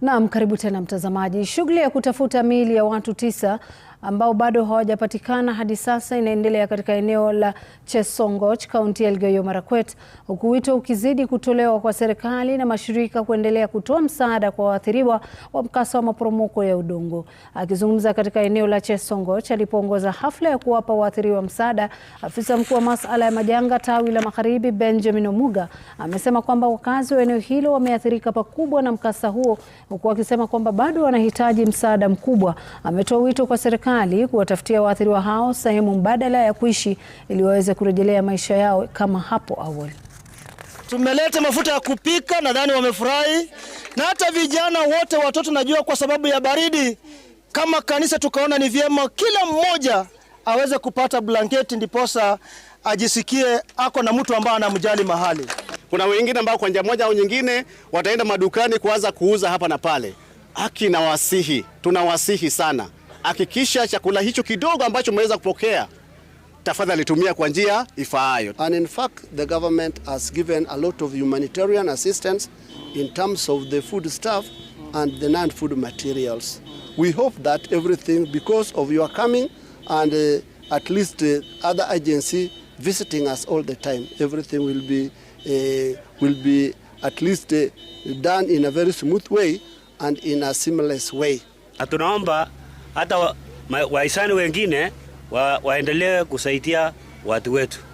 Naam, karibu tena mtazamaji. Shughuli ya kutafuta miili ya watu tisa ambao bado hawajapatikana hadi sasa inaendelea katika eneo la Chesongoch, kaunti ya Elgeyo Marakwet, huku wito ukizidi kutolewa kwa serikali na mashirika kuendelea kutoa msaada kwa waathiriwa wa mkasa wa maporomoko ya udongo. Akizungumza katika eneo la Chesongoch alipoongoza hafla ya kuwapa waathiriwa msaada, afisa mkuu wa masuala ya majanga tawi la Magharibi Benjamin Omuga amesema kwamba wakazi wa eneo hilo wameathirika pakubwa na mkasa huo, huku akisema kwamba bado wanahitaji msaada mkubwa. Ametoa wito kwa serikali serikali kuwatafutia waathiriwa hao sehemu mbadala ya kuishi ili waweze kurejelea maisha yao kama hapo awali. Tumeleta mafuta ya kupika, nadhani wamefurahi, na hata vijana wote, watoto, najua kwa sababu ya baridi. Kama kanisa tukaona ni vyema kila mmoja aweze kupata blanketi, ndiposa ajisikie ako na mtu ambaye anamjali mahali. Kuna wengine ambao kwa njia moja au nyingine wataenda madukani kuanza kuuza hapa na pale. Haki na tunawasihi sana hakikisha chakula hicho kidogo ambacho umeweza kupokea tafadhali tumia kwa njia ifaayo. And in fact the government has given a lot of humanitarian assistance in terms of the food stuff and the non-food materials. We hope that everything because of your coming and uh, at least uh, other agency visiting us all the time everything will be uh, will be at least uh, done in a very smooth way and in a seamless way. Atunaomba hata wahisani wengine wa, waendelee kusaidia watu wetu.